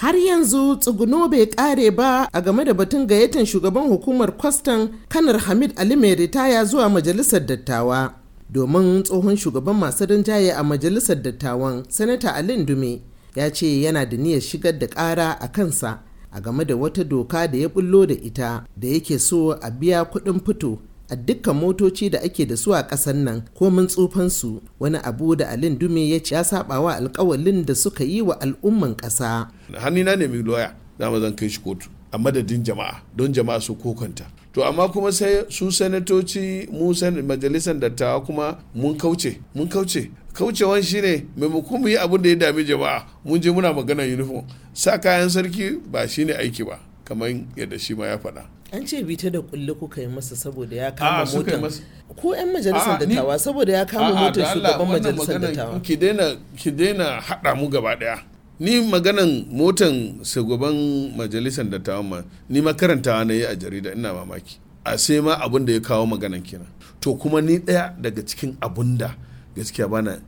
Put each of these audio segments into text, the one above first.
har yanzu tsuguno bai kare ba a game da batun gayyatar shugaban hukumar kwastan kanar hamid ali mai ritaya zuwa majalisar dattawa domin tsohon shugaban masu rinjaye a majalisar dattawan sanata alin dume ya ce yana da niyyar shigar da ƙara a kansa a game da wata doka da ya bullo da ita da yake so a biya kuɗin fito a dukkan motoci da ake da su a ƙasar nan ko mun tsufan su wani abu da alin dume ya ci ya saba wa alƙawalin da suka yi wa al'umman ƙasa hannina ne mai loya za mu zan kai shi kotu a madadin jama'a don jama'a su kokanta to amma kuma sai su sanatoci mu majalisar dattawa kuma mun kauce mun kauce kaucewan shine maimakon mu yi abin da ya dami jama'a mun je muna magana uniform sa kayan sarki ba shine aiki ba kamar yadda shi ma ya faɗa an ce bita da kulle kuka yi masa saboda ya kama motar ko yan majalisar dattawa saboda ya kama motar shugaban majalisar dattawa ki daina ki daina hada mu gaba daya ni maganan motan shugaban majalisar dattawa ma ni ma karantawa na yi a jarida ina mamaki a sai ma abin da ya kawo maganan kenan to kuma ni daya daga cikin abunda da gaskiya bana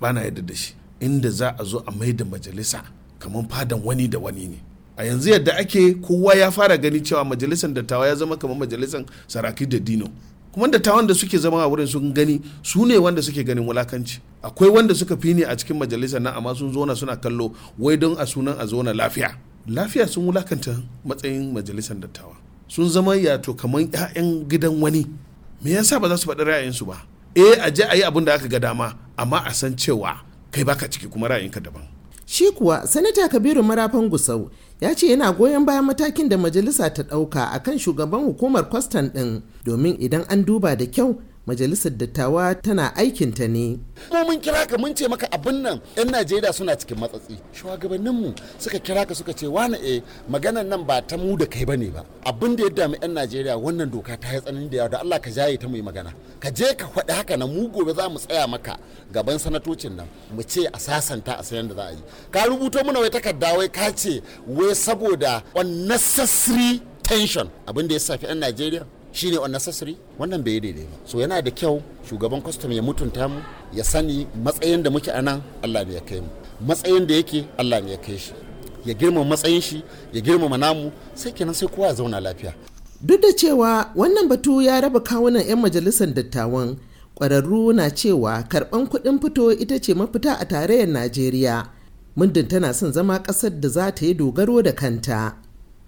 bana yadda da shi inda za a zo a mai da majalisa kamar fadan wani da wani ne a yanzu yadda ake kowa ya fara gani cewa majalisar dattawa ya zama kamar majalisar saraki da dino kuma dattawan da suke zama a wurin sun gani su ne wanda suke ganin wulakanci akwai wanda suka fi ne a cikin majalisar nan amma sun zona suna kallo wai don a sunan a zona lafiya lafiya sun wulakanta matsayin majalisar dattawa sun zama yato kamar 'ya'yan gidan wani me yasa ba za su faɗi ra'ayinsu ba eh a je a yi abin da aka ga dama amma a san cewa kai baka ciki kuma ra'ayinka daban Shi kuwa Sanata Kabiru Marafan Gusau ya ce yana goyon bayan matakin da majalisa ta ɗauka akan shugaban hukumar kwastan ɗin domin idan an duba da kyau majalisar dattawa tana aikin ta ne. mu mun kira ka mun ce maka abin nan 'yan najeriya suna cikin matsatsi shugabanninmu suka kira ka suka ce wani e eh, maganan nan ba ta mu da kai bane ba abin da ya dami 'yan najeriya wannan doka ta yi tsanani da yawa da allah ka jaye ta mu magana ka je ka faɗi haka na mu gobe za mu tsaya maka gaban sanatocin nan mu ce a sasanta a sayan da za a yi ka rubuto mana wai takarda wai ka ce wai saboda unnecessary tension abin da ya safi 'yan najeriya shine unnecessary wannan bai daidai ba so yana da kyau shugaban kwastam ya mutunta mu ya sani matsayin da muke a allah ya kai mu matsayin da yake allah ne ya kai shi ya girmama matsayin shi ya girmama namu sai kenan sai kowa ya zauna lafiya duk da cewa wannan batu ya raba kawunan 'yan majalisar dattawan kwararru na cewa karban kuɗin fito ita ce mafita a tarayyar najeriya muddin tana son zama ƙasar da za ta yi dogaro da kanta